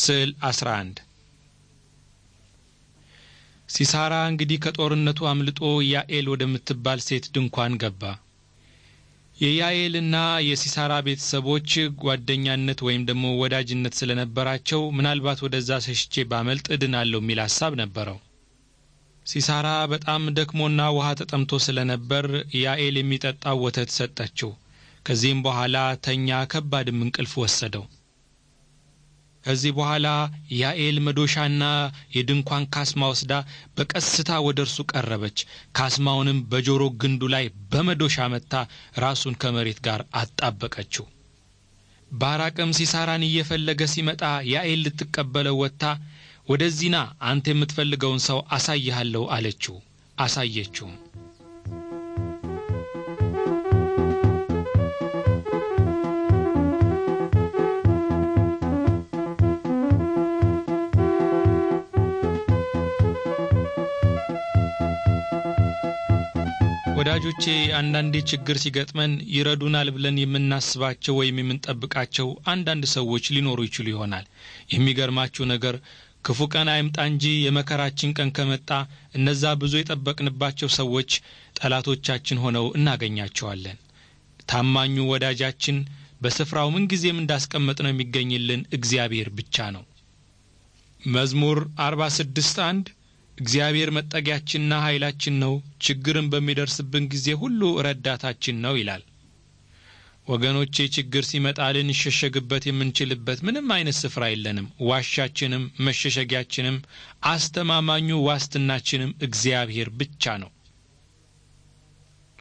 ስዕል 11 ሲሳራ እንግዲህ ከጦርነቱ አምልጦ ያኤል ወደምትባል ሴት ድንኳን ገባ። የያኤልና የሲሳራ ቤተሰቦች ጓደኛነት ወይም ደግሞ ወዳጅነት ስለነበራቸው ምናልባት ወደዛ ሸሽቼ ባመልጥ እድናለሁ የሚል ሀሳብ ነበረው። ሲሳራ በጣም ደክሞና ውሃ ተጠምቶ ስለነበር ያኤል የሚጠጣው ወተት ሰጠችው። ከዚህም በኋላ ተኛ፣ ከባድም እንቅልፍ ወሰደው። ከዚህ በኋላ ያኤል መዶሻና የድንኳን ካስማ ወስዳ በቀስታ ወደ እርሱ ቀረበች። ካስማውንም በጆሮ ግንዱ ላይ በመዶሻ መታ ራሱን ከመሬት ጋር አጣበቀችው። ባራቅም ሲሳራን እየፈለገ ሲመጣ ያኤል ልትቀበለው ወጥታ ወደዚህና አንተ የምትፈልገውን ሰው አሳይሃለሁ አለችው። አሳየችውም። ወዳጆቼ አንዳንዴ ችግር ሲገጥመን ይረዱናል ብለን የምናስባቸው ወይም የምንጠብቃቸው አንዳንድ ሰዎች ሊኖሩ ይችሉ ይሆናል። የሚገርማችሁ ነገር ክፉ ቀን አይምጣ እንጂ የመከራችን ቀን ከመጣ እነዛ ብዙ የጠበቅንባቸው ሰዎች ጠላቶቻችን ሆነው እናገኛቸዋለን። ታማኙ ወዳጃችን በስፍራው ምንጊዜም ነው የሚገኝልን እግዚአብሔር ብቻ ነው። መዝሙር አርባ ስድስት አንድ እግዚአብሔር መጠጊያችንና ኃይላችን ነው፣ ችግርን በሚደርስብን ጊዜ ሁሉ ረዳታችን ነው ይላል። ወገኖቼ ችግር ሲመጣ ልንሸሸግበት የምንችልበት ምንም አይነት ስፍራ የለንም። ዋሻችንም መሸሸጊያችንም አስተማማኙ ዋስትናችንም እግዚአብሔር ብቻ ነው።